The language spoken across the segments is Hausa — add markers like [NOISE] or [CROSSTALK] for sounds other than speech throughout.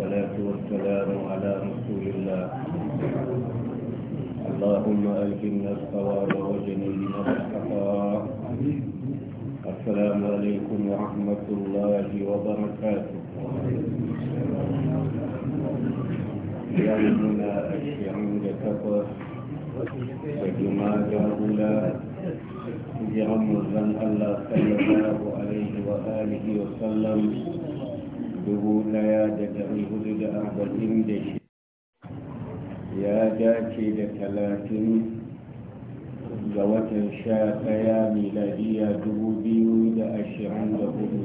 والصلاة والسلام على رسول الله اللهم ألهمنا الصواب وجنينا الخطا السلام عليكم ورحمة الله وبركاته يومنا عند كفر وجماد أولى جرم الله صلى الله عليه وآله وسلم dubu daya da dari hudu da arba'in da shi ya dace da talatin ga watan sha daya miladiya dubu biyu da ashirin da hudu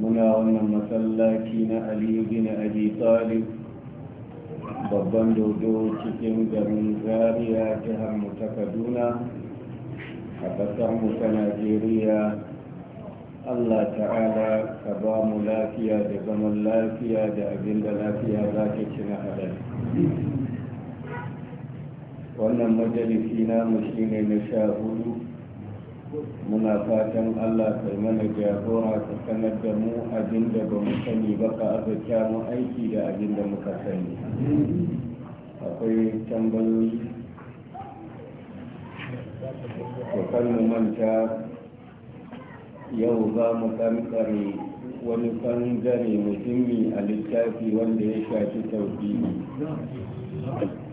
muna wannan masallaci na aliyu na abi talib babban dodo cikin garin zaria jihar mu ta kaduna a ƙasar mu ta najeriya Allah ta'ala ka ba mu lafiya da zaman lafiya da abin da lafiya za ta ci na halal wannan majalisi namu shine na sha hudu muna fatan allah kai mana jagora ka sanar da mu abinda da ba mu sani ba ka azurta mu aiki da abinda da muka sani akwai tambayoyi to kan mu manta yau za mu kankare wani ɓangare muhimmi a littafi wanda ya shafi tauhidi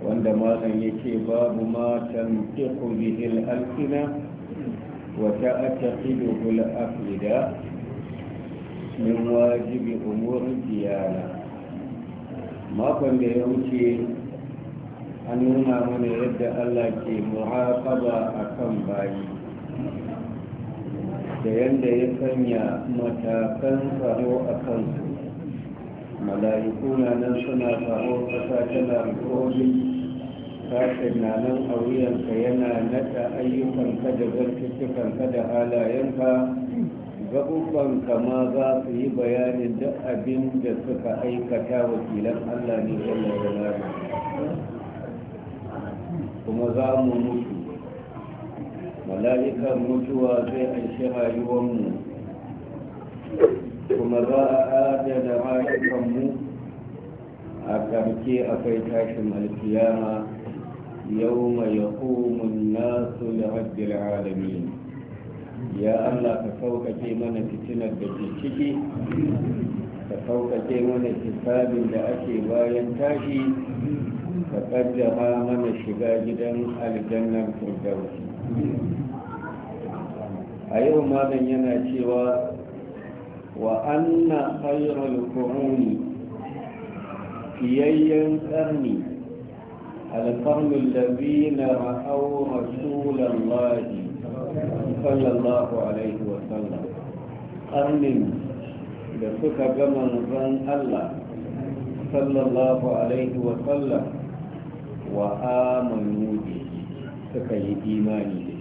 wanda malam ce babu ma teku bihil al-alsina wa ta'taqiduhu al-afida min wajibi umuri diyana makon da ya wuce an nuna mana yadda Allah ke a kan bayi da yadda ya sanya matakan tsaro a kansu mala'iku na nan suna tsaro kasa tana rikodin sashen na nan a wuyanka yana nada ayyukanka da zartuttukanka da halayenka gaɓuɓɓanka ma za su yi bayanin duk abin da suka aikata wakilan allah ne jalla kuma za mu mutu mala'ikan mutuwa zai aishi rayuwanmu kuma za a adana rayukanmu a karke akwai tashin alkiyama yau mai yaƙumun nasu da rabbil alami. ya allah ka sauƙaƙe mana fitinar da ke ciki ka sauƙaƙe mana hisabin da ake bayan tashi ka ƙaddama mana shiga gidan aljannar firdausi a yau malam yana cewa wa anna khayrul quruni fiyayyan karni al-qarni alladhi ra'aw rasulallahi sallallahu alaihi wa sallam qarnin da suka ga manzon Allah sallallahu alaihi wa sallam wa suka yi imani da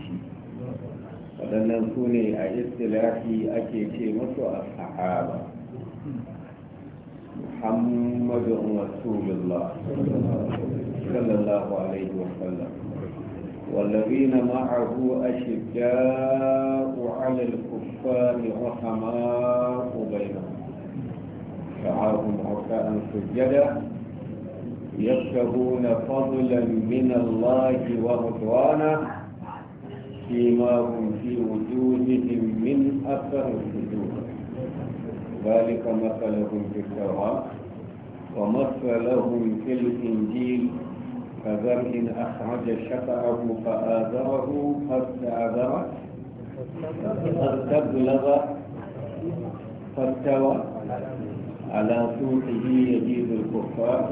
waɗannan su ne a istilahi ake ce musu a sahaba muhammadun rasulullah sallallahu alaihi wasallam والذين معه أشجاء على الكفار رحماء بينهم شعارهم عكاء سجدا يبتغون فضلا من الله ورضوانه هم في وجوههم من أثر الفجور ذلك مثلهم في التوراة ومثلهم في الإنجيل إن أخرج شفعه فآذره فاستعذره فاستبلغ فاستوى على سوقه يجيب الكفار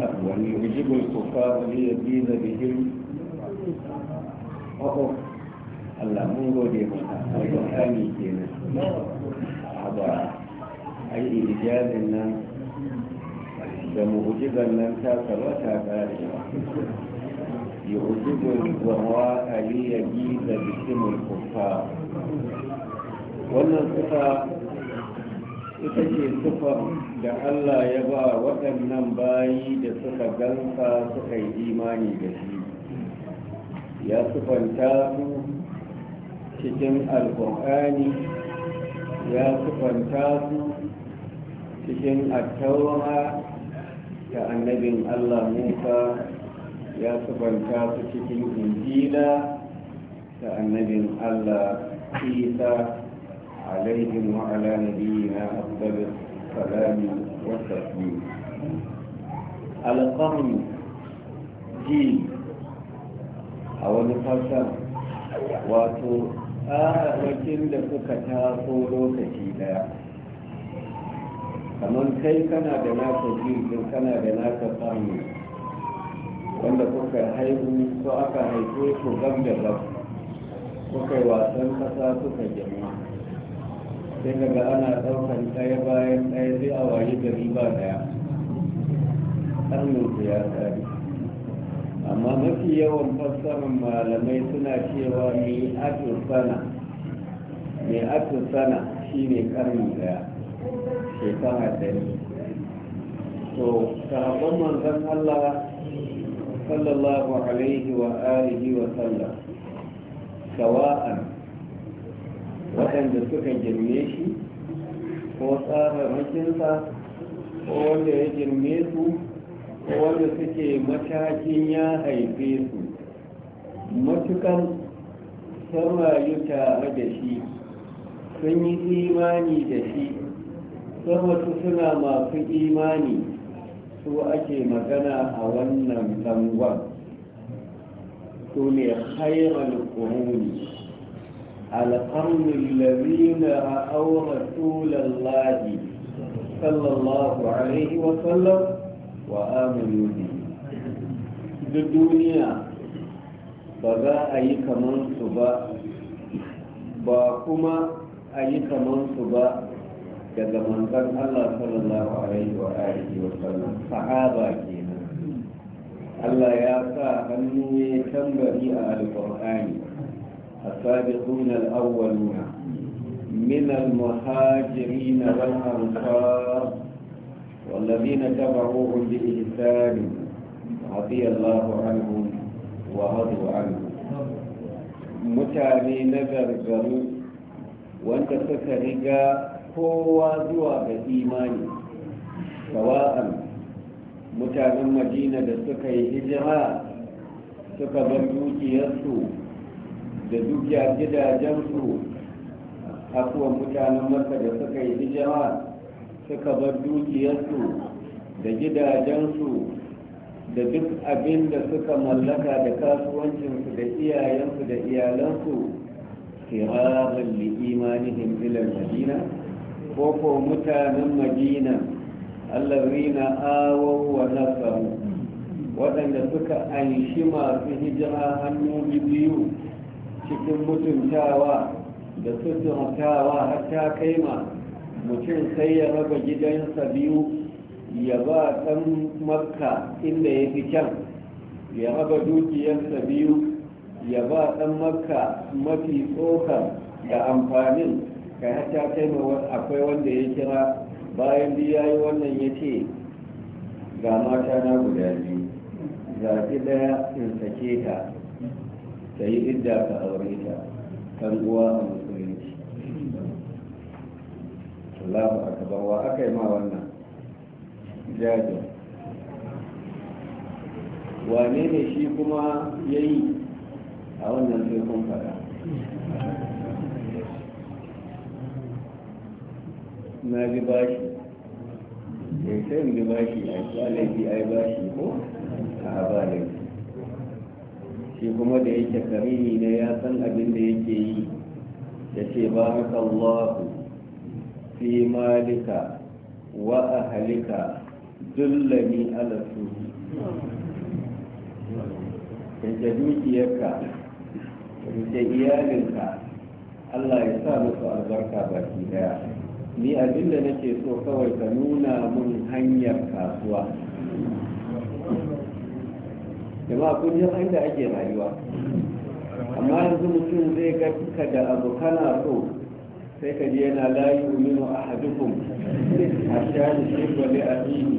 أكبر يعجب الكفار ليزيد بهم o'o oh, oh. Allah mun gode maka ai da kami kenan haba ai ijazin nan da mu'jizan nan ta saba ta kare يعجب الزهراء ليجيز باسم الكفار wannan sifa ita ce sifar da Allah ya ba waɗannan bayi da suka gansa suka yi imani da shi ya sufanta su cikin alkur'ani ya sufanta su cikin attaura da annabin allah musa ya sufanta su cikin injila da annabin allah isa alaihim wa ala nabiyina afdal salami wa taslim alqarni ji a wani fasar wato tsararrakin da suka taso lokaci daya kamar kai kana da naka jirgin kana da naka samu wanda kuka haihu ko aka haife su gam da gam kuka wasan kasa suka jama sai daga ana ɗaukar ɗaya bayan ɗaya sai a wayi gari ba daya ƙarnin ku ya tsari amma mafi yawan fassarar malamai suna cewa mai atu sana shi ne shine karni daya shekara dari to sahabban manzan Allah sallallahu alaihi wa alihi wa sallam shawa'an waɗanda suka girme shi ko tsara makinsa ko wanda ya girme su wanda suke matakin ya haife su matukan samayu tare da shi sun yi imani da shi sama suna masu imani su ake magana a wannan zangon su ne hairar kuruni alƙarnin lalina a aure lallahi sallallahu alaihi wasallam وآمنوا به الدنيا بغا أي كمان صبا باكما أي كمان صبا كزمان كان الله صلى الله عليه وآله وسلم صحابة كينا الله يعطى أنه تنبغي أهل القرآن السابقون الأولون من المهاجرين والأنصار والذين تبعوهم بإحسان رضي الله عنهم ورضوا عنه mutane na gargaru wanda suka riga kowa zuwa ga imani sawa'an mutanen madina da suka yi hijira suka bar dukiyarsu da dukiya gidajensu akwai mutanen masa da suka yi hijira suka bar dukiyarsu da gidajensu da duk abin da suka mallaka da kasuwancinsu da iyayensu da iyalansu firarar li imanihim ilar madina ko ko mutanen madina allazina awau wa nasaru waɗanda suka anshi masu hijira hannu biyu cikin mutuntawa da sutuntawa har ta kai ma. mutum sai ya raba gidansa biyu ya ba ɗan makka inda ya fi can ya raba dukiyarsa biyu ya ba ɗan makka mafi tsokar da amfanin ka ta kai akwai wanda ya kira bayan biya yi wannan ya ce ga mata na guda biyu ɗaya in sake ta ta yi idda ka aure ta kan uwa a Allahu akbar wa akai ma wannan jajin wane ne shi kuma yayi a wannan sai kun fada na bi bashi ya eh, sai in bi bashi a kwalafi a yi bashi ko a habalin shi kuma da yake karimi ne ya san abin da yake yi ya ce ba haka allahu fi malika wa ahalika dullani ala suhi dukiyarka rike iyalinka Allah ya sa musu albarka baki daya ni abinda da nake so kawai ka nuna mun hanyar kasuwa Jam'a kun yi inda ake rayuwa amma yanzu mutum zai ga da abu kana so sai ka ji yana layu minu a hadukun a shani shirba da abihi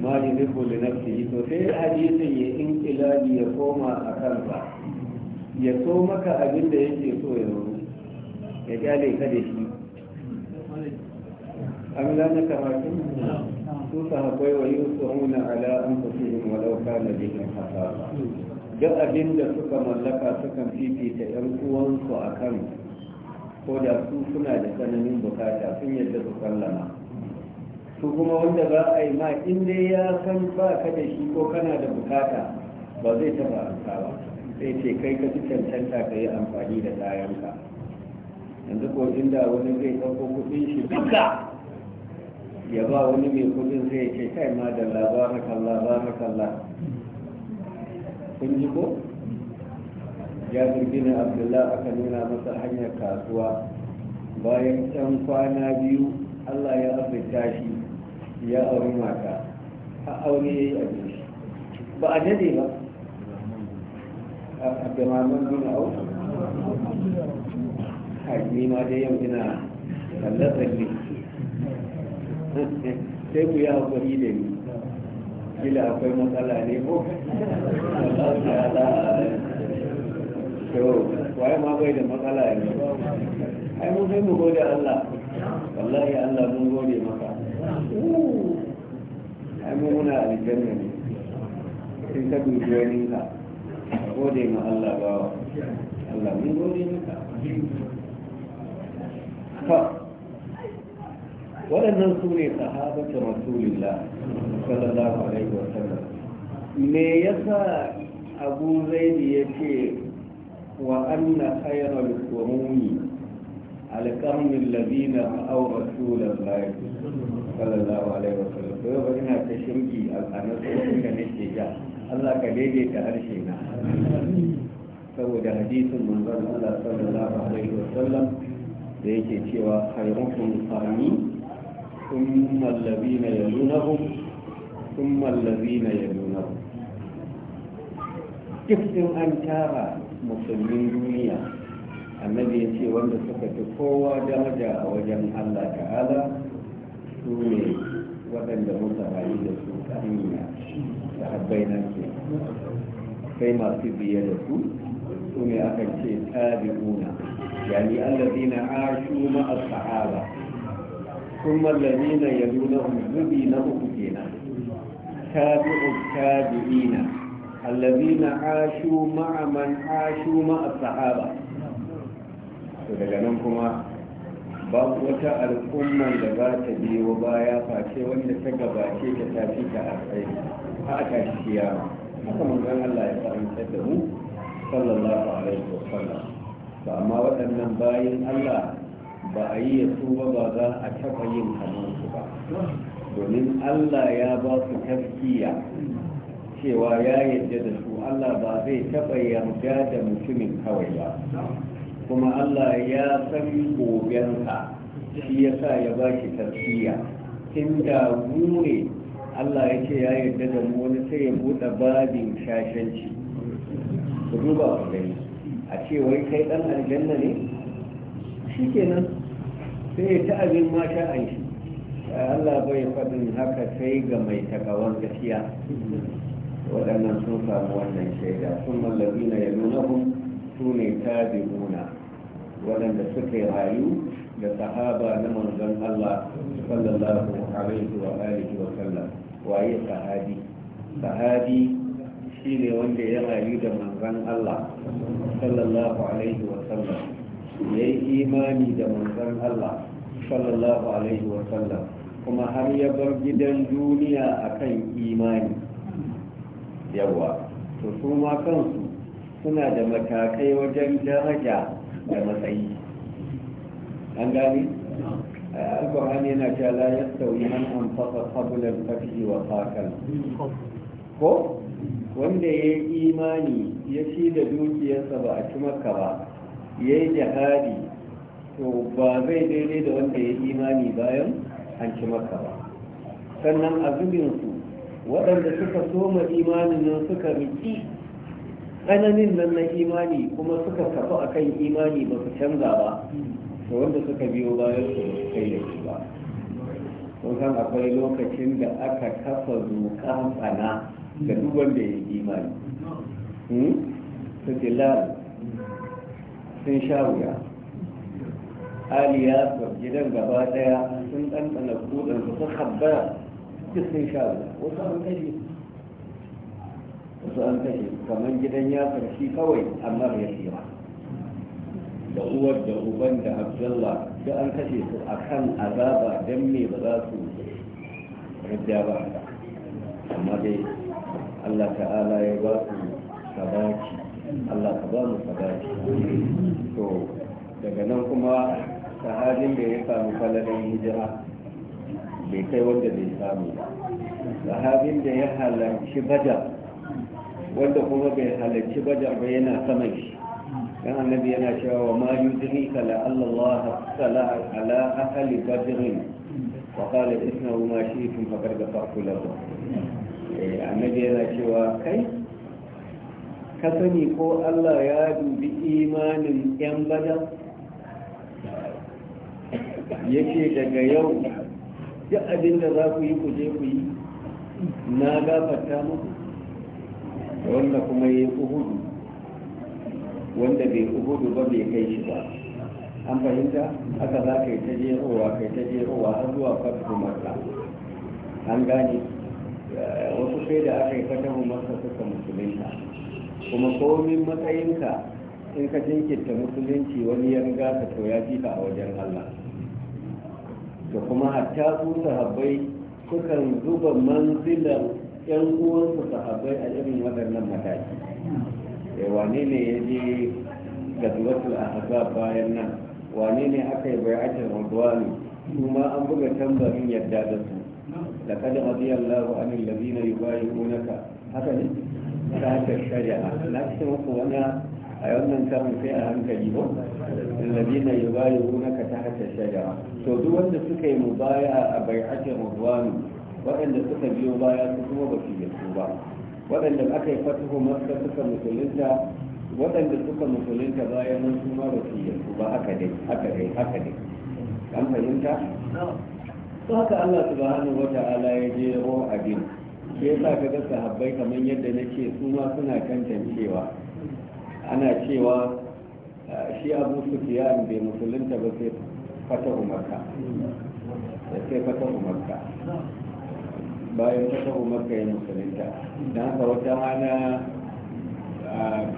ma yi zirbo da nafsi to sai hadisin ya inkilabi ya koma a kansa ya so maka abin da yake so ya zo ya kyale ka da shi an ka hakim su sahabbai wa yi su huna ala an fasihin walau na bihin hasara duk abin da suka mallaka sukan fifita 'yan uwansu a kan. ko da su suna da tsananin bukata sun yadda su sallama su kuma wanda za a yi ma in dai ya san ba ka da shi ko kana da bukata ba zai taba amsa ba sai ce kai ka ci cancanta ka yi amfani da kayanka yanzu ko inda wani zai ɗauko kuɗin shi duka ya ba wani mai kuɗin zai ce kai ma da labarakan kalla kun ji ko jabir bin abdullah aka nuna masa hanyar kasuwa bayan can kwana biyu allah ya azurta shi ya auri mata a aure ya yi abin shi ba a dade ba abdulmaman duna au hajji ma dai yau ina kallon tsalle sai ku yi haƙuri da ni kila akwai matsala ne ko [LAUGHS] ya wallahi ma bai da matsala yanzu ai mun sai mu gode Allah wallahi Allah mun gode maka ai mun muna aljanna ne sai ka dubi wani ka gode ma Allah bawa Allah mun gode maka fa waɗannan su ne sahabatun rasulillah sallallahu alaihi wasallam me yasa abu zaidi ya ce وأن خير القرون القرن الذين رأوا رسول الله صلى الله عليه وسلم فيوم إنها تشمجي الأنس وكان الشجاع الله كليلي كهرشينا سود حديث من ظن الله صلى الله عليه وسلم ليكي سوى خيركم قرني ثم الذين يلونهم ثم الذين يلونهم كيف أن ترى musulmin duniya annabi ya ce wanda suka fi kowa daraja a wajen allah ta'ala su ne waɗanda muka rayu da su ƙarniya da habbai nan ke kai masu biye da su su ne aka ce tabi'una yani allazina ashu a sahaba kuma allazina yadunahum zubi na uku kenan tabi'u tabi'ina allazina ashu ma'a man ashu ma'a sahaba to daga nan kuma babu wata al'ummar da za ta biyo baya face wanda ta gabace ta tafi ta a tsaye a tashi kiyama haka manzon Allah ya fahimtar da mu sallallahu alaihi wa sallam ba amma waɗannan bayin Allah ba a yi su ba ba za a taɓa yin kamar su ba domin Allah ya ba su tafkiya cewa ya yarda da su Allah ba zai taɓa yarda da mutumin kawai ba kuma Allah ya san gobensa shi ya sa ya ba shi tafiya tun da Allah ya ce ya yarda da mu wani sai ya buɗe babin shashanci ku duba ku gani a ce wai kai ɗan aljanna ne shi kenan sai ya ta abin ma sha'an shi Allah bai faɗin haka sai ga mai takawar gaskiya waɗannan sun samu wannan shaida sun mallabi na yalunahum su ne tabi'una waɗanda suka yi rayu da sahaba na manzon Allah sallallahu alaihi wa alihi wa sallam waye sahabi sahabi ne wanda ya rayu da manzon Allah sallallahu alaihi wa sallam ya yi imani da manzon Allah sallallahu alaihi wa sallam kuma har ya bar gidan duniya akan imani yawa to su ma kansu suna da matakai wajen daraja da matsayi an gani alkur'an na cewa la sauyi man an fasa sabulan fafi wa fakan ko wanda ya yi imani ya ci da dukiyarsa ba a ci maka ba ya yi jihadi to ba zai daidai da wanda ya yi imani bayan an ci maka ba sannan a zubinsu waɗanda suka soma imanin nan suka riki tsananin nan na imani kuma suka kafa kan imani ba su canza ba da wanda suka biyo bayan su ba su kai da su ba kun san akwai lokacin da aka kafa doka tsana da duk wanda ya yi imani hmm? su sun sha wuya gidan gaba daya sun ɗanɗana kudin su habbara duk sun sha wasu an kashe wasu an kashe kamar gidan ya karshe kawai amma ya ba da uwar da uban da abdullah da an kashe su a kan azaba don me ba za su rajja ba amma dai allah ta'ala ya ba su sabaki allah ta ba mu sabaki to daga nan kuma sahajin da ya samu falalan hijira bai kai wanda bai samu ba sahabin da ya halarci Bajar, wanda kuma bai halarci Bajar ba yana saman shi Kan annabi yana cewa wa ma yudri ka la Allah sala ala ahli badr wa qala isnahu ma shi'tum faqad ghafartu lahu eh, annabi yana cewa kai ka sani ko Allah ya dubi imanin yan badar yake daga yau duk abin da za ku yi ku je ku yi na gafarta muku wanda kuma ya yi uhudu wanda bai uhudu ba bai kai shi ba an fahimta haka za ka yi ta jerowa kai ta jerowa har zuwa fatu maka an gane wasu sai da aka yi fatahu maka suka musulunta kuma komin matsayinka in ka jinkirta musulunci wani ya riga ka to ya fi ka a wajen allah da kuma hatta su sahabbai sukan zuba manzilar yan uwansu sahabbai a irin waɗannan mataki eh, wane ne ya je a ahzab bayan nan wane ne aka yi bai'atul ridwani kuma an buga tambarin yadda da su da yi radiyallahu anil ladina yubayyi'unaka haka ne ta haka shari'a na cikin muku wani a wannan karin sai a hankali ba الذين يبايعونك ta haka shagara to duk wanda suka yi mu baya a bai'atin rudwani waɗanda suka biyo baya su kuma ba su yi ba waɗanda aka yi fatihu maska suka musulunta waɗanda suka musulunta baya nan su ma ba su yi ba haka dai haka dai haka dai an fahimta to haka Allah subhanahu wata'ala ya je ro abin sai yasa ka ga sahabbai kamar yadda nake su ma suna tantancewa ana cewa shi abu fiya bai musulunta ba sai fata umarka da sai fata umarka bayan fata umarka ya musulunta don haka wata hana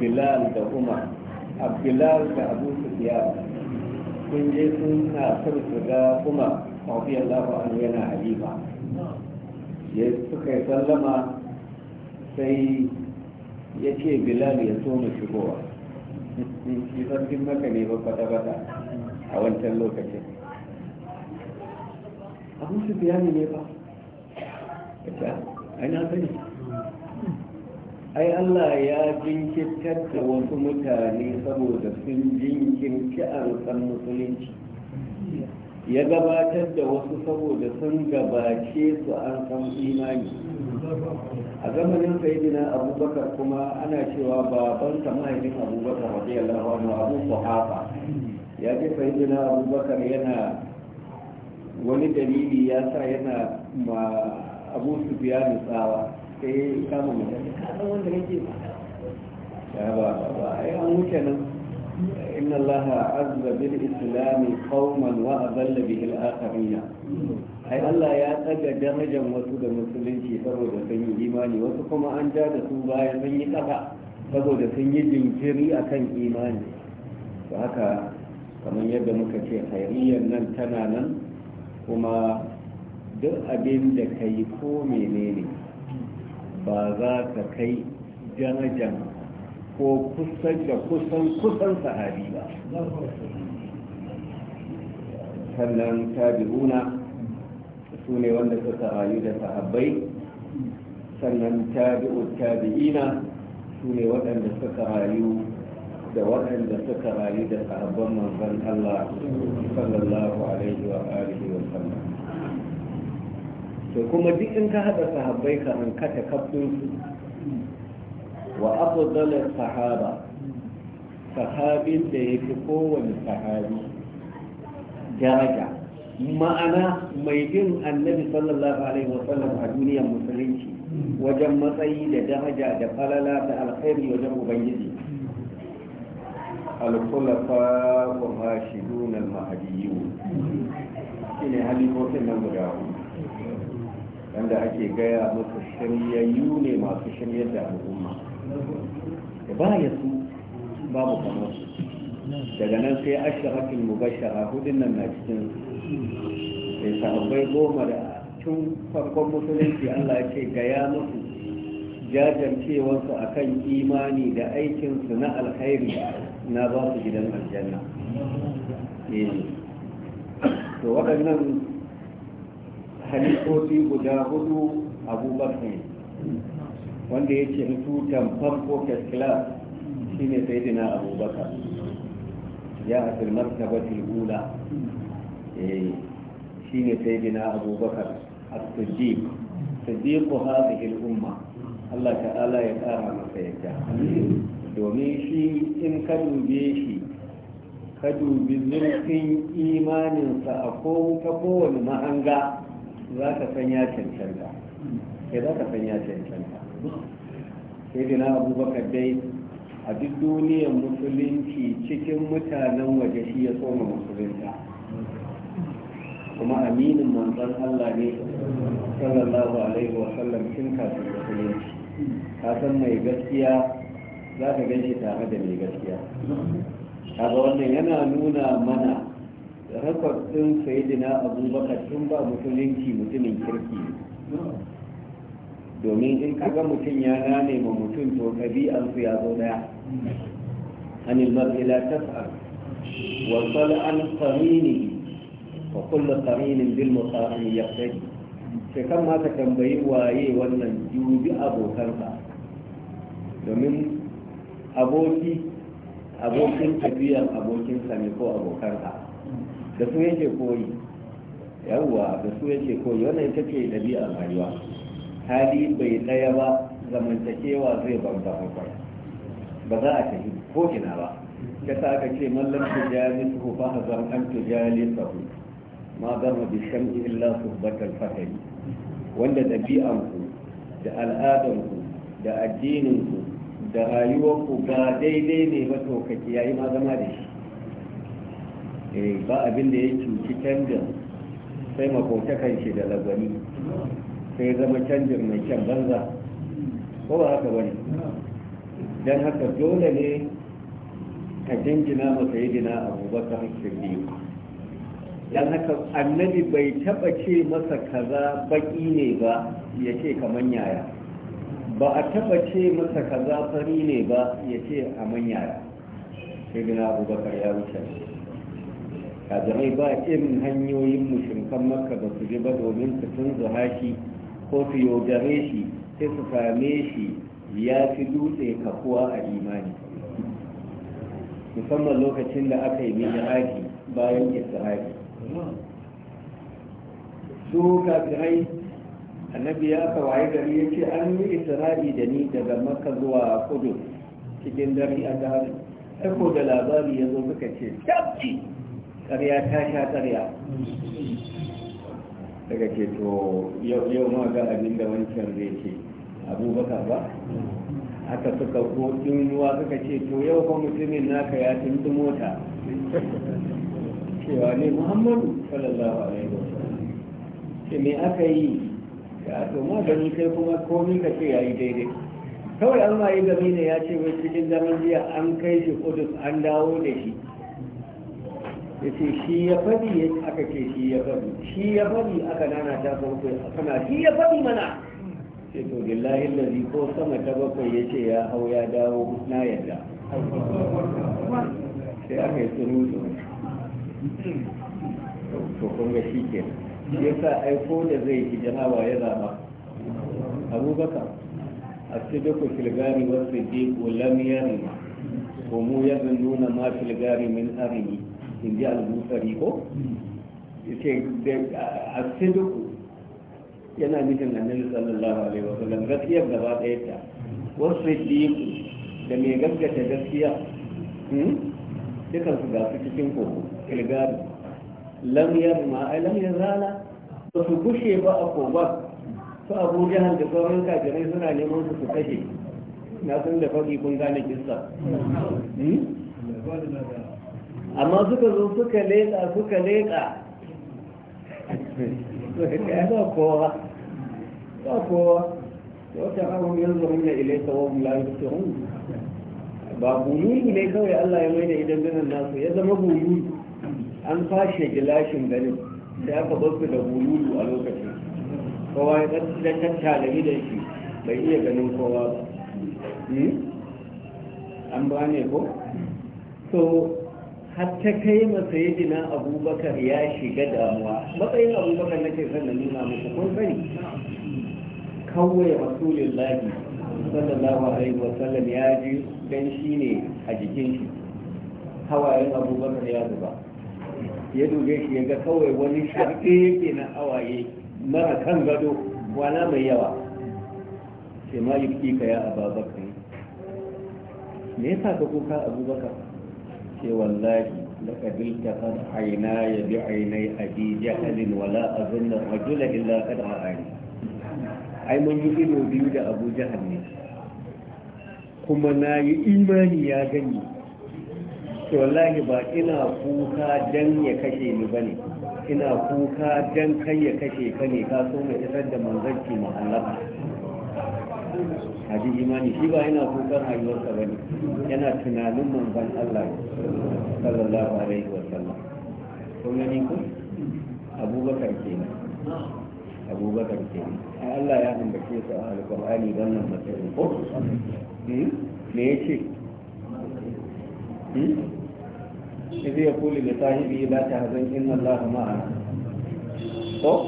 bilal da umar a bilal da abu fiya sun je suna na su ga umar kafiyar lafa an yana halima ya suka yi sallama sai ya ce bilal ya so mu shigowa shi sarkin maka ne ba kwata kwata a wancan lokacin abu su biya ne ne ba ya ai na sani ai Allah ya jinkirtar da wasu mutane saboda sun jinkirci a rukar musulunci ya gabatar da wasu saboda sun gabace su an san imani a zamanin sayidina abubakar kuma ana cewa baban mahaifin abubakar radiyallahu anhu abu suhafa ya ce sayidina abubakar yana wani dalili ya sa yana ma abu su biya nutsawa sai kama mutane kasan wanda yake ya ba ba ba ai an wuce nan إن الله أعز بالإسلام قوما وأذل به الآخرين ai Allah ya tsaga darajar wasu da musulunci saboda sun yi imani wasu kuma an ja da su baya sun yi kafa saboda sun yi a kan imani to haka kamar yadda muka ce hairiyar nan tana nan kuma duk abinda da ka yi ko menene ba za ka kai darajar ko kusan da kusan kusan sahabi ba sannan tabi'una su ne wanda suka rayu da sahabbai sannan tabi'u tabi'ina su ne waɗanda suka rayu da waɗanda suka rayu da sahabban manzon Allah sallallahu alaihi wa alihi wa sallam to kuma duk in ka haɗa sahabbai ka hankata kafin su wa sahaba sahabin da ya fi kowane sahabi daraja ma'ana mai bin annabi sallallahu alaihi wasallam a duniyar musulunci wajen matsayi da daraja da falala da alkhairi wajen ubangiji alkulafa wa mashidun almahadiyu shine halifofin nan guda wanda ake gaya musu shiryayyu ne masu shiryar da al'umma ba ya su babu kamar daga nan sai mu mubashara hudun nan na cikin sai sahabbai goma da tun farkon musulunci Allah ya ce gaya musu jajancewarsu a kan imani da aikinsu na alkhairi na ba su gidan aljanna eh. to waɗannan halittoci guda hudu abubakar wanda ya ce tutan farko first class shine sayyidina abubakar ya asil martabatil ula eh shine sayyidina abubakar as-siddiq siddiqu hadhihi al-umma Allah ta'ala ya kara masa yadda domin shi in ka dube shi ka dubi zurfin imaninsa a ta kowane mahanga za ka san ya cancanta sai za ka san ya cancanta sayyidina abubakar dai a duk duniyar musulunci cikin mutanen waje shi ya tsoma musulunta kuma aminin manzon Allah ne sallallahu alaihi wa sallam cin kafin musulunci ka san mai gaskiya za ka gan shi tare da mai gaskiya kaga wannan yana nuna mana rakwatin sayidina abubakar tun ba musulunci mutumin kirki ne domin in kaga mutum ya gane ma mutum to ɗabi'ansu ya zo daya hannun mar'ila ta sa'ar wasu an tsarini wa kulla tsarinin bil ya yaqtadi sai kan ma ka tambayi waye wannan jubi abokansa domin aboki abokin tafiyar abokinsa ne ko abokansa da su yake koyi yawwa da su yake koyi wannan ita ce ɗabi'ar rayuwa hali bai tsaya ba zamantakewa zai bamba ba za a tafi ko ina ba ka sa aka ce mallam tujali su fa zan an tujali sahu ma gama bi sham'i illa batar fatari wanda dabi'anku da al'adanku da addininku da rayuwarku ba daidai ne ba to ka kiyaye ma zama da shi eh, ba abin ya cuci canjin sai makotakan shi da lagwani sai zama canjin mai kyan banza ko ba haka bane don haka dole ne ka jingina masa yi dina abubakar siddiq don haka annabi bai taba ce masa kaza baki ne ba ya ce kamar yaya ba a taba ce masa kaza fari ne ba ya ce a manyaya sai abubakar ya wuce kajirai ba irin hanyoyin mushinkan makka ba su ba domin su tun zuha shi ko su yaudare shi sai su same shi ya fi dutse kafuwa a imani musamman lokacin da aka yi mi'raji bayan isra'i su kafirai annabi ya gari ya ce an yi isra'i da ni daga maka zuwa kudu cikin dare a gari ko da labari ya zo suka ce tabci ƙarya ta sha ƙarya daga ce to yau ma ga abin da wancan zai ce abubakar ba haka suka ko ruwa suka ce to yau fa mutumin naka ya tuntu mota cewa ne muhammadu sallallahu alaihi wa ce me aka yi ga to magani kai kuma komi ka ce yayi daidai kawai an ma yi gami ne ya ce wai cikin zaman jiya an kai shi kudus an dawo da shi ya ce shi ya fadi aka ce shi ya fadi shi ya fadi aka nana ta sauko kana shi ya fadi mana Sai to billahi lazi ko sama ta bakwai ya ce ya hau ya dawo na yadda sai aka yi surutu to kun ga shi ke ya sa aiko da zai yi jama'a ya zaba abubakar a sidiku filgari wasu diku lam ko mu ya nuna ma filgari min arini in ji al-musari ko yace a sidiku yana nufin annabi sallallahu alaihi wa sallam gaskiyar ba ɗaya ta wasu diku da mai gaskata gaskiya hmm? dukan su ga su cikin kogo kilgari lam yarma ai lam rana. ba su gushe ba a kogon su abu jihar da sauran kajirai suna neman su su kashe na sun da fagi kun gane kissa hmm? amma suka zo suka leƙa suka leƙa ba kowa ba kowa wata abin yanzu nuna ilai sawon lafi tuhun ba buyi ne kawai allah ya mai da idan ganin nasu ya zama buyi an fashe gilashin ganin sai aka basu da bululu a lokacin kowa ya tattara da shi bai iya ganin kowa ba hmm? an ba ne ko so har ta kai masa yadina abubakar ya shiga damuwa matsayin abubakar nake son na nuna muku kun sani kawai rasulullahi sallallahu alaihi wasallam ya ji dan shi ne a jikin shi hawayen abubakar ya zuba ya doge shi ya ga kawai wani shafe yake na hawaye mara kan gado wala mai yawa sai ma yi ya ababakar me yasa ka kuka abubakar ce wallahi لقد التقت عيناي بعيني ابي جهل ولا اظن الرجل الا a رآني ai mun yi ido biyu da abu jahal ne kuma na yi imani ya gani ce wallahi ba ina kuka dan ya kashe ni ba ne ina kuka dan kai ya kashe ka ne ka so mai isar da manzanci mu'allaka a imani shi ba yana kukan rayuwarsa ba ne yana tunanin manzan Allah sallallahu alaihi wa sallam kun gani ku abubakar kenan abubakar kenan ai Allah ya ambace su a alqur'ani don nan matsayin ko hmm? me da إذ يقول لصاحبه ta تحزن إن Allah ma'ana. ko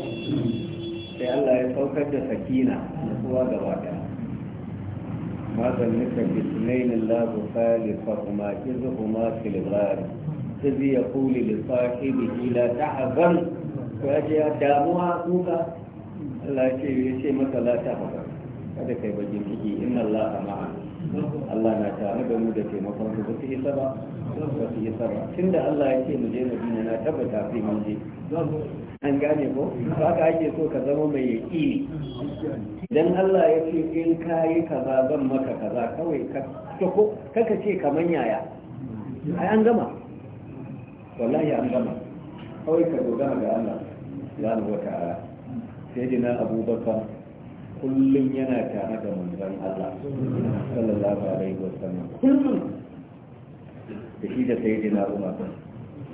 sai Allah ya saukar da sakina na kowa gaba daya ما ظنك باثنين الله خالقهما إذ هما في الغار إذ يقول لصاحبه لا تحزن فأجي دامها سوكا لا شيء يشي متى لا تحزن هذا كيف يجيكي إن الله معنا Allah na tare da mu da taimakon su ba su isa ba ba su isa ba tunda Allah ya ce mu je Madina na tabbata sai mun je an gane ko ba ka ake so ka zama mai yaƙi idan Allah ya ce in ka yi kaza zan maka kaza kawai kaka ce kaman yaya ai an gama wallahi an gama kawai ka dogara ga Allah ya wa ta'ala sai dina abubakar kullum yana tare da manzon Allah sallallahu alaihi wa sallam kullum da shi da sayyidina Umar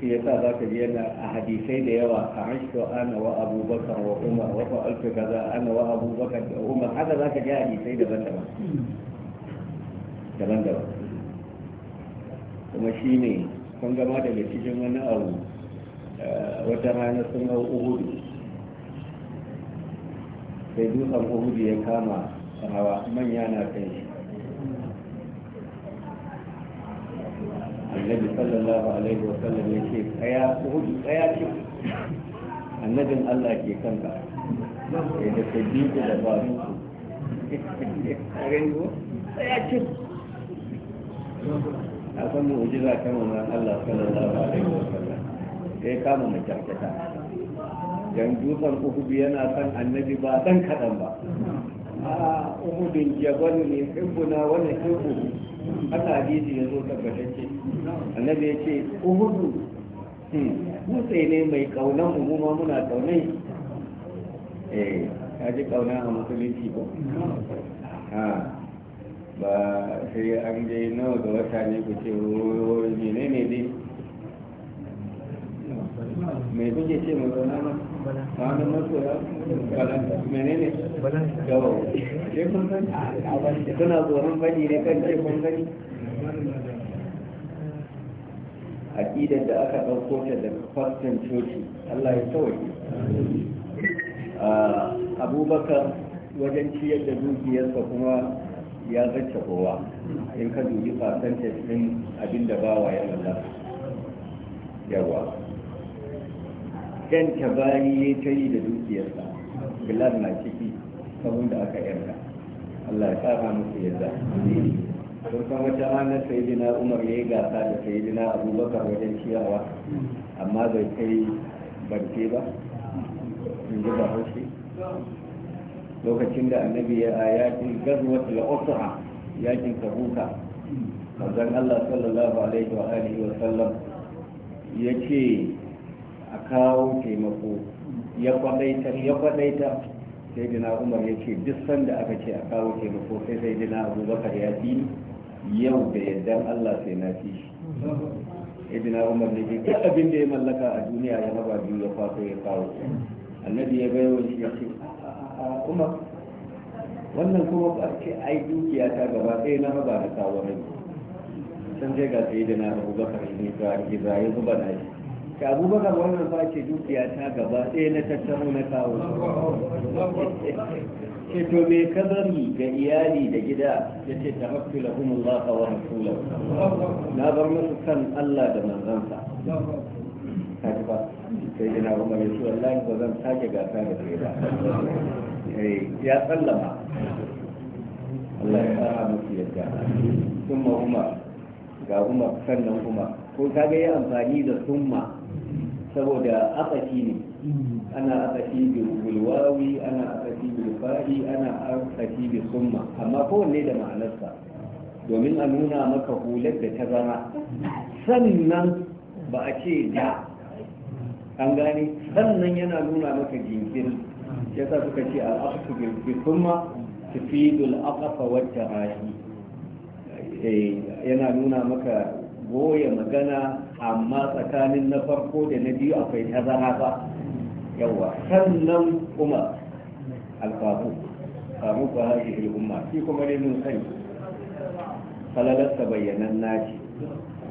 shi ya sa za ka biya na a hadisai da yawa a ashto ana wa abubakar wa umar wa fa'alfi fa'altu za ana wa abubakar da umar haka za ka biya hadisai daban-daban daban-daban kuma shi ne kun gama da cikin wani abu eh, wata rana sun hau uhudu sai dutsen uhudu ya kama rawa manya na kai shi annabi sallallahu alaihi wa sallam ya ce tsaya uhudu tsaya ce annabin Allah ke kanka ya eh, da da su tsaya ce a san Allah sallallahu alaihi wa sallam sai makyarkata dan dutsen uhudu yana san annabi ba dan kadan ba a ah, uhudun jabal ne hibbuna haka hadisi ya zo tabbatacce annabi ya ce uhudu hmm. dutse ne mai kaunan mu kuma muna kaunai eh ya ji kauna a musulunci ba ba sai an je nawa ga wata ne ku ce wani ne ne mai kuke ce mai zauna na ranar masoya ne gawa ce kun gani Tana tsoron bani ne kan ce kun gani idan da aka ɗauko ta da kwastan coci allah ya sauke abubakar wajen ciyar da dukiyarsa kuma ya zace kowa in ka dubi fasantar ɗin abin da bawa ya mallaka yawa yan tabari ya ta yi da dukiyarsa bilal na ciki sabon da aka yarda Allah ya kara musu yadda. sun san wata ranar sayidina umar ya yi gasa da sayidina abubakar wajen ciyawa amma bai kai barke ba in ji bahaushe lokacin da annabi ya yakin gazuwar la'usra yakin tabuka manzon Allah sallallahu alaihi wa alihi wa sallam ya ce a kawo taimako ya kwadaitar ya kwadaitar sai dina umar ya ce duk sanda aka ce a kawo taimako sai sai dina abubakar ya fi yau da yadda allah sai na fi shi na umar ne duk abin da ya mallaka a duniya ya raba biyu ya kwaso ya kawo annabi ya bayo shi ya ce umar wannan kuma ba ce ai dukiya ta gaba ɗaya na raba da kawo rai san sai ga sai da na abubakar ne ga ya zuba na shi ka abubakar wannan ba ce dukiya ta gaba ɗaya na tattaro na kawo ce to me ka bari ga iyali da gida ya ce ta hafi lahum Allah wa rasulahu na bar musu kan Allah da manzansa ka ji ba sai jina umar yasu wallahi ba zan sake gasa da kai ba eh, ya tsallama Allah ya tsara musu yadda summa umar ga umar sannan kuma. ko ka ga yi amfani da summa saboda akafi ne ana akafi bi bulwawi ana akafi bi fa'i ana akafi bi summa amma kowanne da ma'anarsa domin a nuna maka hular da ta zama sannan ba a ce da an gane sannan yana nuna maka jinkirin ya sa suka ce a al'aqsu bi summa tufidul aqfa wa tahashi eh, yana nuna maka goya magana amma tsakanin na farko da na biyu akwai tazara ba yawa sannan kuma alfafu samu ba har shi umma shi kuma dai mun sani falalarsa bayyanan naci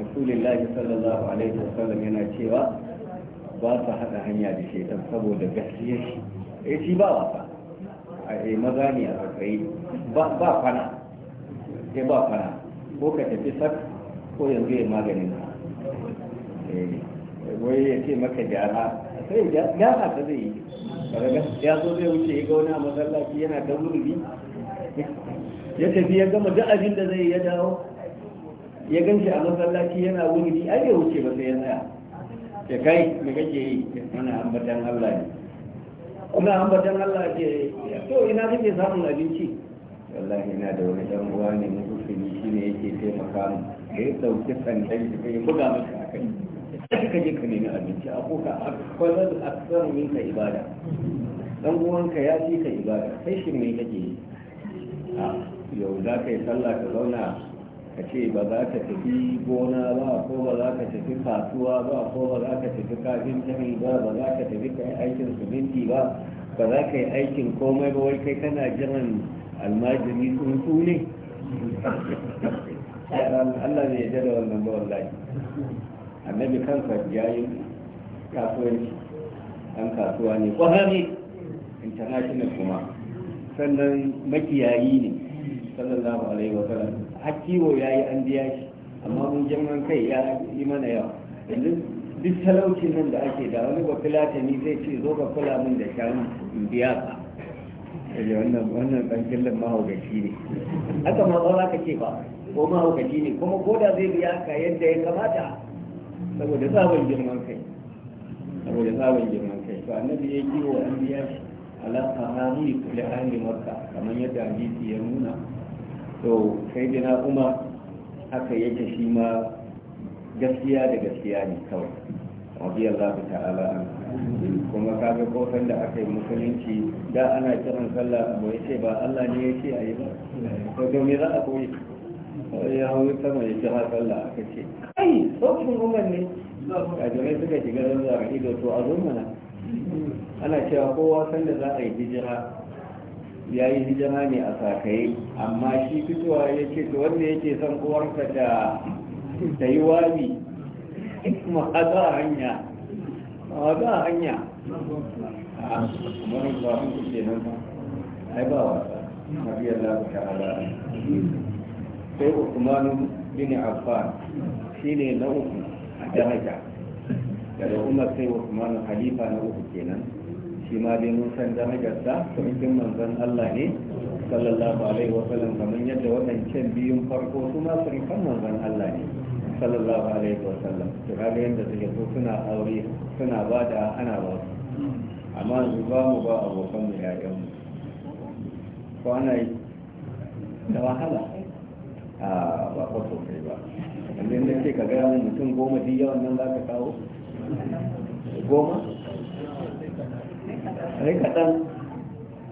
rasulullahi sallallahu alaihi wasallam yana cewa ba su haɗa hanya da shaitan saboda gaskiyar shi eh shi ba wasa a eh, maza ne a tsakai ba fana sai ba fana ko ka tafi sak ko yanzu ya maganin ka eh, wai ya ce maka gyara sai gyara ta zai yi ya zo zai wuce ya ga wani a masallaci yana ta wurbi ya tafi ya gama duk abin da zai ya dawo ya gan shi a masallaci yana wurbi ai ya wuce ba sai ya tsaya ya kai me kake yi ana ambatan Allah ne kuma ambatan Allah ke to ina kake samun abinci wallahi ina da wani dan uwa ne aiki shi ne yake taimaka mu da ya ɗauki sandan shi kai buga maka a kai sai ka je ka nemi abinci a koka a kwanar yin ka ibada dan uwanka ya fi ka ibada sai shi ne kake yi a yau za ka yi sallah ka zauna ka ce ba za ka tafi gona ba ko ba za ka tafi kasuwa ba ko ba za ka tafi kafin tafi ba ba za ka tafi kai aikin siminti ba ba za ka yi aikin komai ba wai kai kana jiran almajiri tsuntsu ne Allah ne ya da wannan ba wallahi annabi kansa ya yi kasuwanci ɗan kasuwa ne ƙwararre international kuma sannan makiyayi ne sallallahu alaihi wa sallam har kiwo ya yi an biya shi amma mun jaman kai ya yi mana yawa yanzu duk talaucin nan da ake da wani bafilatani zai ce zo ka kula min da shanu in biya ka yaje wannan wannan dan killan mahaukaci ne haka ma ba ka ce ba ko mahaukaci ne kuma ko da zai biya ka yadda ya kamata saboda sabon girman kai saboda sabon girman kai to annabi ya kiwo an biya shi ala sahari li ahli makka kamar yadda hadisi ya nuna to sai dina kuma haka yake shi ma gaskiya da gaskiya ne kawai radiyallahu ta'ala an kuma kaga kofin da aka yi musulunci da ana kiran sallah abu ya ce ba Allah ne ya ce a yi ba ko domin za a koyi ya hau sama ya kira sallah aka ce kai saukin umar ne kajirai suka shiga zan zara ido to a zo ana cewa kowa sanda za a yi hijira ya yi hijira ne a sakaye amma shi fitowa ya ce to wanda yake son uwarsa ta yi wabi A'a za a hanya ma hanya a ku nan ba ta'ala sai usmanu bin affan shine na uku a daga umar sai usmanu halifa na uku kenan shi ma dai mun san Allah ne sallallahu alaihi wa kamar yadda waɗancan biyun farko su ma manzon Allah ne sallallahu alaihi wa sallam to kaga yanda suke so suna aure suna ba da ana ba su amma yanzu ba mu ba abokan mu yayan mu ko ana yi da wahala a ba ko kai ba amma da ce ka gaya mun mutum goma duk yawan nan za ka kawo goma rai kaɗan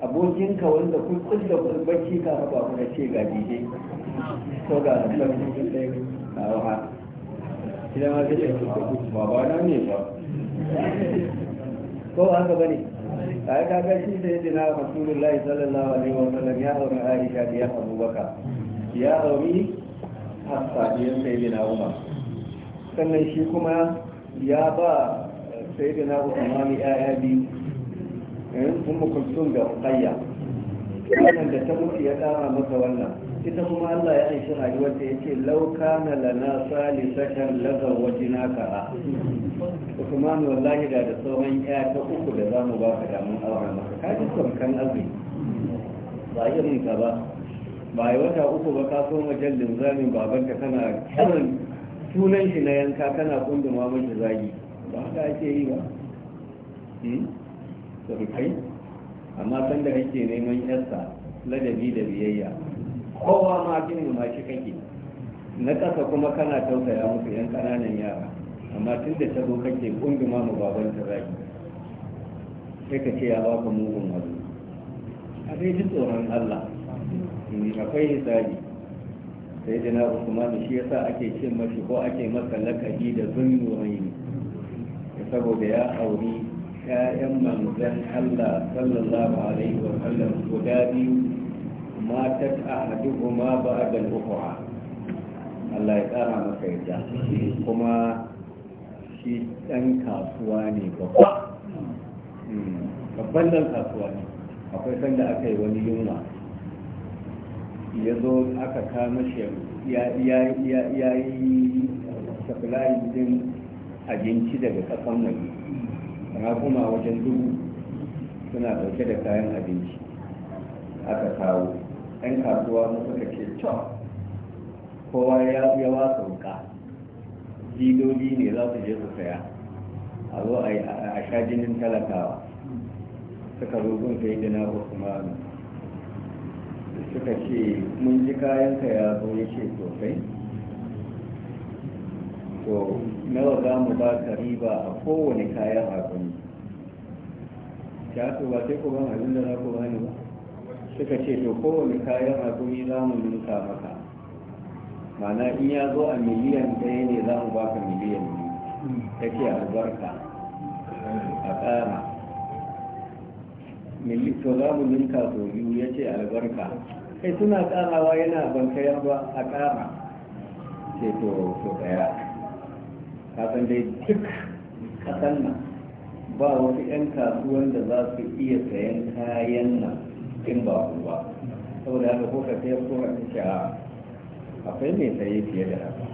abokinka wanda kun kulle bacci ka ba ku da ce ga dije ko ga sarki ɗaya nawa idan ma zai yi ba ba na ne ba ko haka ba ne a yi kaga shi da yadda na rasulullahi sallallahu alaihi wa sallam ya auri aisha da ya abubakar ya auri hafsa biyan sayyidina umar sannan shi kuma ya ba sai da na sayyidina usman ya'ya biyu eh, ummu kulsum da uqayya wannan da ta mutu ya kama masa wannan ita kuma Allah ya aishi rayuwar ta yace law kana lana salisatan la zawajina ka Usman wallahi da da sauran ya ta uku da zamu ba ka da mun aure maka ka ji kan azumi ba irin ka ba ba yi wata uku ba ka so majallin zamin babanka kana kiran sunan shi na yanka kana kunduma mamun zagi ba haka ake yi ba hmm? amma sanda da kake neman yarsa ladabi da biyayya kowa ma kin ma shi kake na ƙasa kuma kana tausaya musu yan ƙananan yara amma tun da shago kake kunguma mu baban ta sai ka ce ya ba ka mugun wani a dai ji tsoron Allah akwai hisabi sai jina usman shi yasa ake cin mashi ko ake masa lakabi da zunnu saboda ya auri kayan manzan Allah sallallahu alaihi wa sallam guda biyu matat ahaduhuma ba al-ukhra Allah ya tsara maka yadda kuma shi dan kasuwa ne babba hmm, babban dan kasuwa ne akwai sanda aka yi wani yunwa ya zo aka kama shi ya yi a abinci daga kasan waje kuma wajen dubu suna ɗauke da kayan abinci aka kawo ɗan kasuwa mu suka ce to kowa ya yawa sauka jidodi ne za su je su saya a zo a sha jinin talakawa suka rogon sai dina usman suka ce mun ji kayanka ya zo ya ce sosai to nawa za mu ba ka riba a kowane kayan abin da haka ba sai ku ban abin da za ku bani ba suka ce to kowane kayan abin za mu ninka maka mana in ya zo a miliyan ɗaya ne za mu baka miliyan ne. ta ce albarka a ƙara to za mu ninka so biyu ya ce albarka kai suna ƙarawa yana bankaya ba a ƙara ce to to ɗaya kasan dai duk ƙasan nan ba wasu 'yan kasuwan da za su iya sayan kayan nan in ba ku ba saboda haka ko ka sayar ko ka kashe a akwai mai saye fiye da haka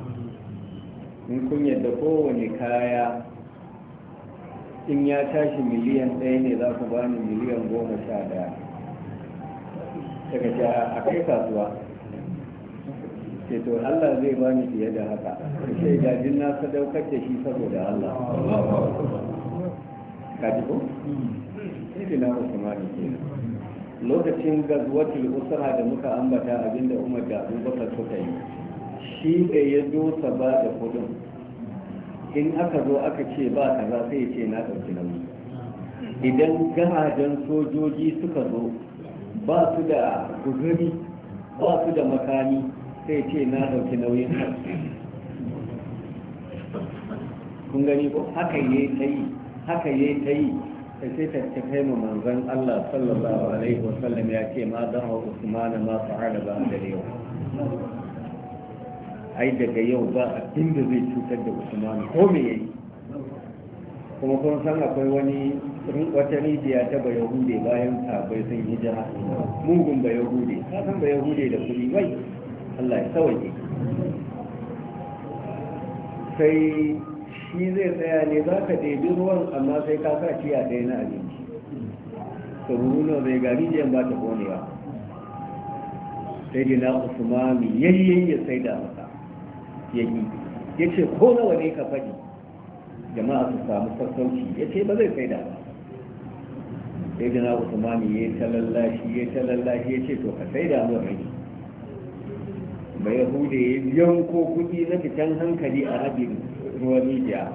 in kun yadda kowane kaya in ya tashi miliyan ɗaya ne za ku bani miliyan goma sha daya daga ce a kai kasuwa ce to Allah zai bani fiye da haka ce gajin na sadaukar da shi saboda Allah ka ji ko sai hmm. na usmani kenan lokacin gazwatul usra da muka ambata abinda umar da abubakar suka yi shi da ya zo sa ba da kudin in aka zo aka ce ba kaza sai ya ce na ɗauki nauyi idan gahadan sojoji suka zo ba su da guzuri ba su da makami sai ce na ɗauki nauyin kun gani ko haka ne ta yi haka yi ta yi ta ce ta kai mu manzon Allah sallallahu alaihi wasallam ya ce ma hau Usman ma fa'ala ba da yau ai daga yau ba a inda zai cutar da Usman ko me yayi kuma kun san akwai wani wata rijiya ta bayahude bayan sabai sun yi jira mugun bayahude ka san bayahude da kuɗi wai Allah ya sawaye. sai shi zai tsaya ne za ka ɗebi ruwan amma sai ka sa a ɗaya na abinci sabu nawa zai gari jiyan ba ta ba sai dina usmani yayyen ya sai da masa yayi ya ce ko nawa ne ka faɗi jama'a su samu sassauci ya ce ba zai sai da ba sai dina usmani ya yi lallashi ya ta lallashi ya ce to ka sai da mu rai ba hude ya yanko kuɗi na fitan hankali a rabin Wani da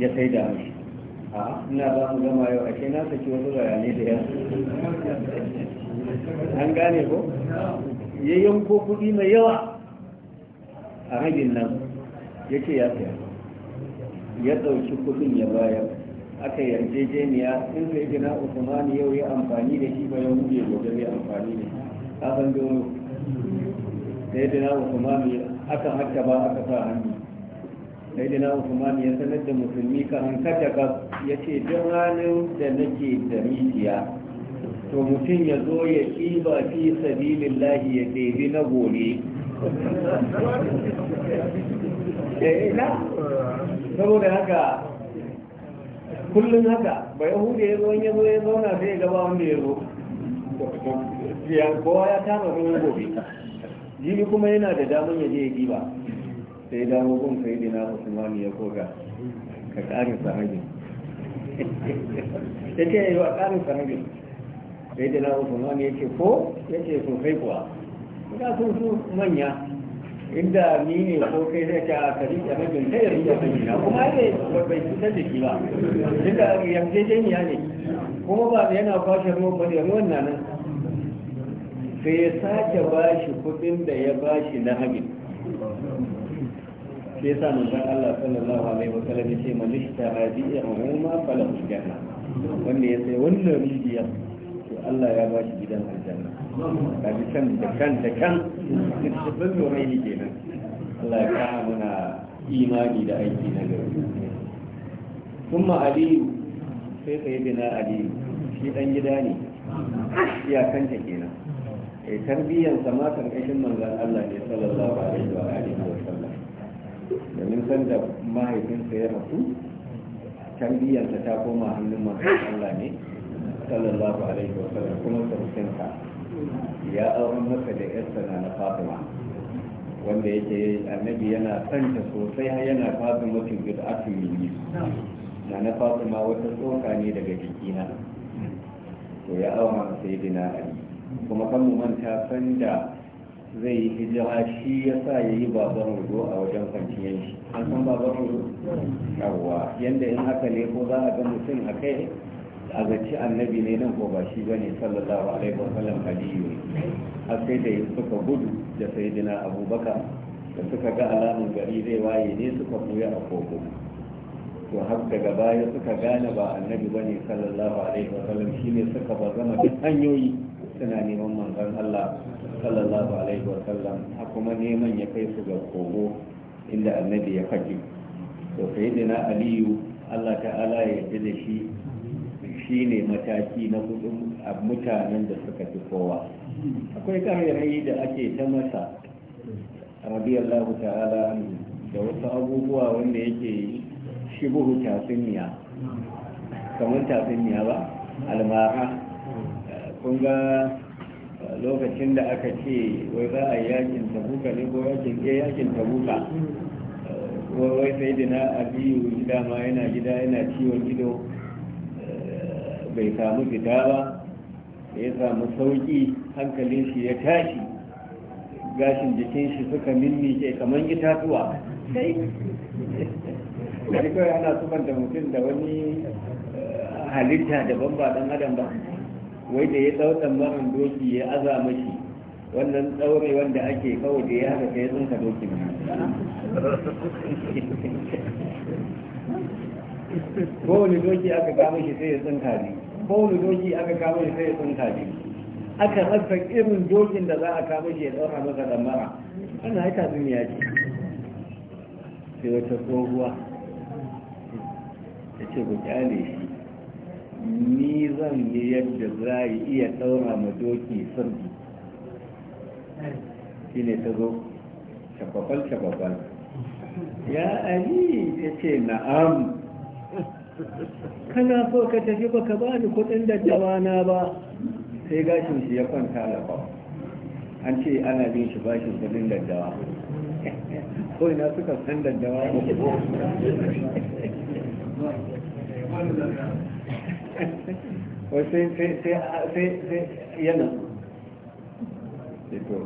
ya sai da mai a ina ba mu gama yau ashe na saki wasu bayanai da yawa an gane ko ya yanko kuɗi mai yawa a hagin nan ya ce ya saya ya ɗauki kuɗin ya bayar aka yarjejeniya in sai gina usmani yau ya amfani da shi bayan wuce gobe zai amfani da shi a san gano sai gina usmani aka hatta ba aka sa hannu sai da usman ya sanar da musulmi ka hankata ka ya ce don halin da nake da rijiya to mutum ya zo ya ba fi sabilin lahi ya ɗebi na gore [LAUGHS] eh, saboda haka kullum haka ba yahuda ya zo ya zo ya zauna sai ya gaba wanda ya zo kowa ya kama ruwan gobe jini kuma yana da damar ya je ya ɗiba sai dawo gun sai na usman ya koga ka karin sahabi ta ce yi wa karin sahabi sai dina usman ya ce ko ya ce kai kuwa ga sun su manya inda ni ne ko kai zai ta kari da mijin ta yari da mijina kuma ne bai cutar da ki ba inda ni ne kuma ba yana kwashe ruwan ba da ruwan nan sai ya sake ba shi kudin da ya ba shi na hagin sai sa manzon Allah sallallahu alaihi wasallam ya ce ishtara bi'a umma fala janna wanda ya sai wannan rijiyar to Allah ya bashi gidan aljanna kaji can da kan da kan ban domin ne kenan Allah ya kama muna imani da aiki na gari kuma aliyu sai sai bina aliyu shi dan gida ne iyakanta kenan eh, tarbiyyar matan ƙashin manzan Allah ne sallallahu alaihi wa alihi wa sallam domin da mahaifinsa ya rasu tarbiyyarsa ta koma hannun masu Allah ne sallallahu alaihi wa sallam kuma sarkinsa ya auren masa da yarsa na Fatima wanda yake annabi yana santa sosai har yana Fatima mutum da atumi na na Fatima wata tsoka ne daga jikina to ya aura sayyidina Ali kuma kan mu manta da zai yi hijira shi ya sa ya yi baban rudo a wajen kwanciyar shi an san baban rudo yawwa yadda in haka ne ko za a ga mutum a kai a zaci annabi ne nan ko ba shi bane sallallahu alaihi wa sallam aliyu ne har sai da suka gudu da sayyidina abubakar da suka ga alamun gari zai waye ne suka buya a kogo to har daga baya suka gane ba annabi bane sallallahu alaihi wa sallam shine suka bazama duk hanyoyi suna neman manzon Allah sallallahu alaihi wa sallam ha kuma neman ya kai su ga kogo inda annabi ya faɗi to sayyidina aliyu Allah ta'ala ya yarda da shi shi ne mataki na kudin mutanen da suka fi kowa akwai ƙarairayi da ake ta masa radiyallahu ta'ala da wasu abubuwa wanda yake shibuhu tatsuniya kamar tatsuniya ba almara kun ga lokacin da aka ce wai za a yakin tabuka ne ko yakin ke eh, yakin tabuka eh, wai sai da na abiyu ma yana gida yana ciwon gido eh, bai samu fita ba ya samu sauki hankalin shi ya tashi gashin jikin shi suka ke kamar itatuwa sai kawai ana da mutum da wani halitta daban ba dan adam ba wai da ya ɗau marar doki ya aza mashi wannan tsaure wanda ake kawai da ya haka sai ya tsinka doki kowane doki aka kama shi sai ya tsinka ne kowane doki aka kama shi sai ya tsinka ne aka rasa irin dokin da za a kama shi ya ɗaura masa ɗambara wannan haita ya ce sai wata tsohuwa ta ce ku kyale shi ni zan yi yadda za a iya ɗaura ma doki sirri shi ne ta zo shababal shababal ya ali ya ce na'am kana so ka tafi ba ka bani kudin daddawana ba sai gashin shi ya kwanta da lafa an ce ana bin shi bashin kudin daddawa ko ina suka san daddawa ba sí, sai yana to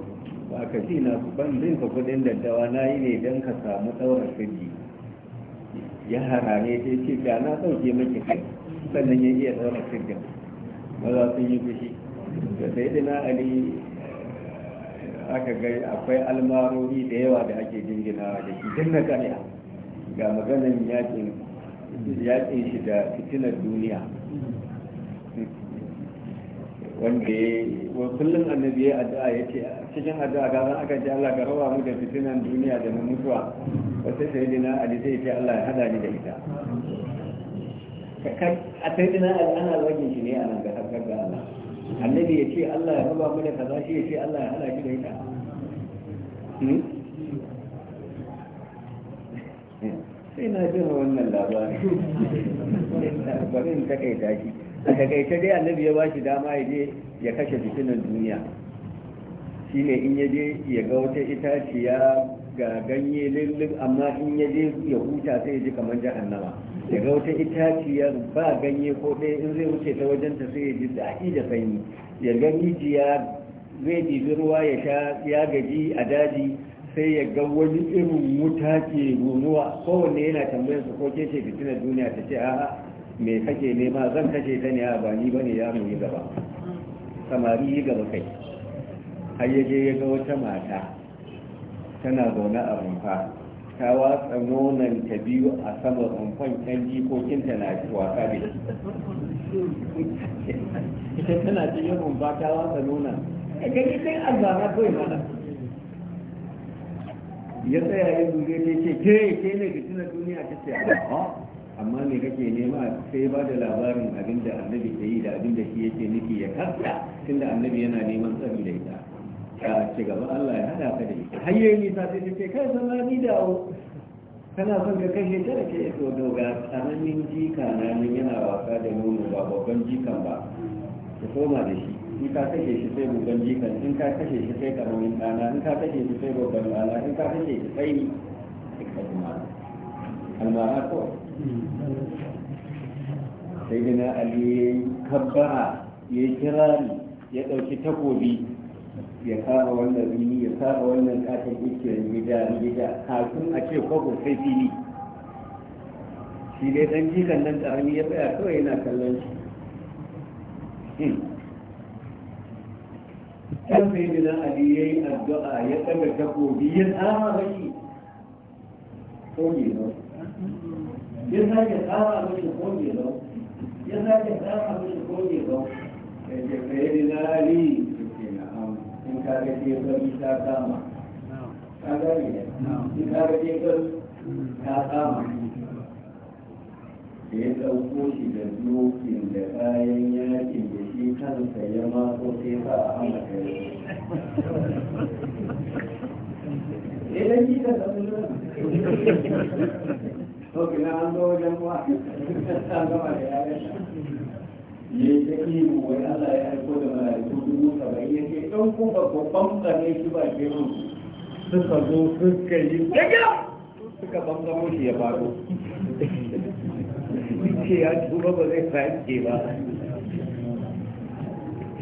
ba ka ji na ban bin ka kudin daddawa na yi ne don ka samu tsawon fiji ya harare ta ce ga na ɗauke maki kai sannan ya iya ɗaurar fijin maza sun yi fushi da sai dina ali aka gari akwai almarori da yawa da ake jinginawa da shi don na ƙarya ga maganin yakin shi da fitinar duniya wanda ya wa kullum annabi ya addu'a ya ce cikin addu'a ga zan aka ce Allah ka rawa mu da fitinan duniya da na mutuwa sai sayyidina Ali sai ce Allah ya hada ni da ita a sayyidina Ali ana wajin shi ne a nan ga harkar ga Allah annabi ya ce Allah ya raba mu da kaza shi ya ce Allah ya hada shi da ita hmm? sai na jin wannan labarin [LAUGHS] bari in takaita shi a takaice dai annabi ya bashi dama ya je ya kashe fitinan duniya shine in ya je ya ga wata itaciya ga ganye lullu amma in ya je ya huta sai ya ji kamar jahannama ya ga wata itaciyar ba ganye ko ɗaya in zai wuce ta wajenta sai ya ji daɗi da sanyi ya ga rijiya zai ɗibi ruwa ya sha ya gaji a daji sai ya ga wani irin wuta ke runuwa kowanne yana tambayar su ko ke ce fitinar duniya ta ce a'a me kake nema zan kace ta ne a ba ni bane ya mu yi gaba samari yi gaba kai har ya je ya ga wata mata tana zaune a rumfa ta watsa nonon ta biyu a saman rumfan jikokin jikokinta na wasa ne. ita tana cikin rumfa ta watsa nonon a gani sai zama kawai mana ya tsaya ya dube ne ce ke ke ne tuna duniya ta ce a amma me kake nema sai ba da labarin abin da annabi ta yi da abin da shi yake nufi ya kasa da annabi yana neman tsari da ita ka ce gaba Allah ya hada ka da ita har yayi nisa sai ce kai san na ni dawo kana son ka kashe ta da ke to doga tsananin jika na nan yana wasa da nono ba babban jikan ba ka koma da shi in ka kashe shi sai babban jikan in ka kashe shi sai karamin dana in ka kashe shi sai babban ɗana in ka kashe shi sai ni al kawai sai dina ali ya yi kabbara ya yi kirari ya ɗauki takobi ya kama wannan rini ya kama wannan katon iskiyar gida gida kafin a ce kwabo sai fili shi dai ɗan jikan nan ƙarami ya tsaya kawai yana kallon shi kan hmm. sai dina ali ya yi addu'a ya ɗaga takobi ya tsama rashi kawai ne ya sake tsara mishi ko bai zau ya sake tsara mishi ko bai zau ya ce ka yi lalari ya ce na'am in ke gari ta kama ka gani ne in ka ke gari ta kama da ya ɗauko shi da dokin da kayan yakin da shi kansa ya mako sai sa a hana eh, kai to kina an zo wajen wa ta gama da yaran ya yi ta kiwo wai Allah ya aiko da mala'iku dubu saba'in ya ce ɗan kuma babban tsane shi ba ke mun suka zo suka yi daga suka bangamo shi ya faru ce ya tuba ba zai sake ba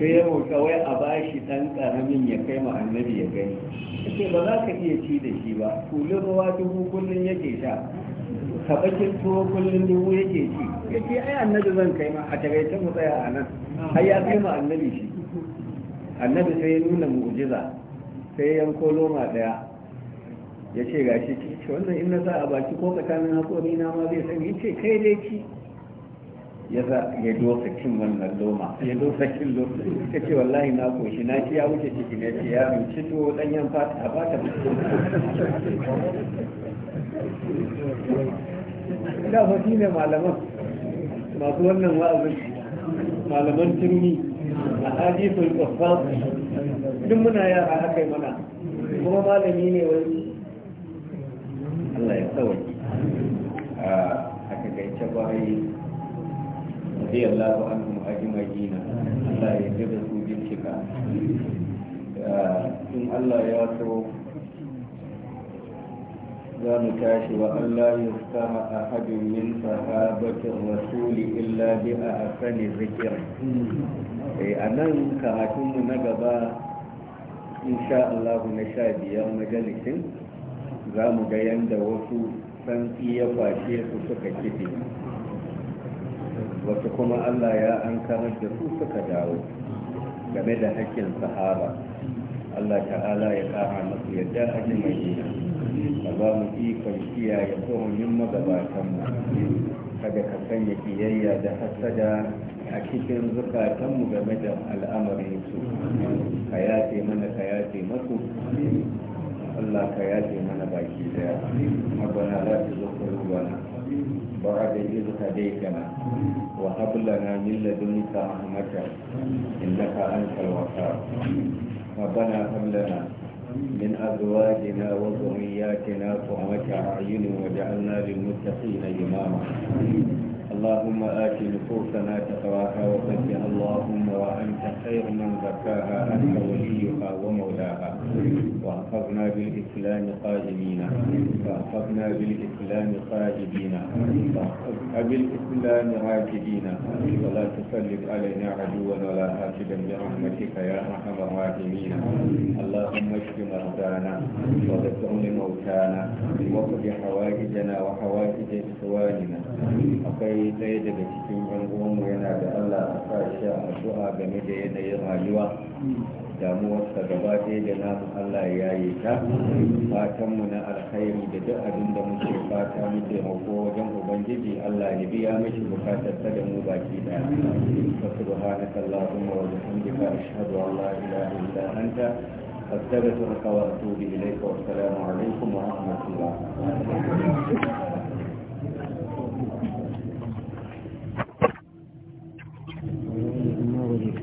sai ya roƙa wai a bashi ɗan ƙaramin ya kai ma annabi ya gani ce ba za ka iya ci da shi ba kulin ruwa dubu kullum yake sha ka bakin tuwo kullum dubu yake ci yake ai annabi zan kai ma a tagaice mu tsaya a nan har ya kai ma annabi shi annabi sai ya nuna mu'jiza sai ya yanko loma daya ya ce ga shi ce wannan in na sa a baki ko tsakanin haƙori na ma zai sani ce kai dai ki ya sa ya dosa kin wannan loma ya dosa kin loma ya ce wallahi na koshi na ci ya wuce ciki ne ce ya binci to ɗanyen fata a fata da fa ne malaman masu wannan wa'azin malaman turmi a hadisul kuffar duk muna yara haka yi mana kuma malami ne wani Allah ya tsawaki a takaice bayi رضي الله عنهم أجمعين الله يجب سوجي الشكا za mu tashi wa Allah ya sama a hadin min masuli rasuli illa bi a asali zikir eh, a nan karatunmu na gaba insha Allah na sha biyar majalisin za mu ga yanda wasu san iya kwashe su suka kiɗi wasu kuma Allah ya an karar da su suka dawo game da hakkin sahaba Allah ta'ala ya kara masu yadda hajji mai ka ba mu ikon kiyaye tsohonin mu. kada ka sanya kiyayya da hasada a cikin zukatanmu game da al'amarin su ka yafe mana ka yafe masu Allah ka yafe mana baki daya magana za ta zo kurubana بعد إذ هديتنا وهب لنا من لدنك رحمة إنك أنت الوهاب ربنا هب من أزواجنا وذرياتنا قرة أعين وجعلنا للمتقين إماما اللهم آت نفوسنا تقواها وزكها اللهم وأنت خير من زكاها أنت وليها ومولاها واحفظنا بالإسلام قائمين واحفظنا بالإسلام قائمين واحفظنا بالإسلام راكدين ولا تسلط علينا عدوا ولا هاشدا برحمتك يا أرحم الراحمين اللهم اشف مرضانا وذكر لموتانا وقضي حوائجنا وحوائج إخواننا sai daga cikin yan uwanmu yana da allah a sa shi a addu'a game da yanayin rayuwa damuwarsa gaba ɗaya da namu allah ya yi ta fatanmu na alkhairi da duk abin da muke fata muke mako wajen ubangiji allah ya biya mashi bukatar ta da mu baki ɗaya wa subhanaka allahumma wa bihamdika ashhadu an la ilaha illa anta أستغفرك وأتوب إليك والسلام عليكم ورحمة الله with you.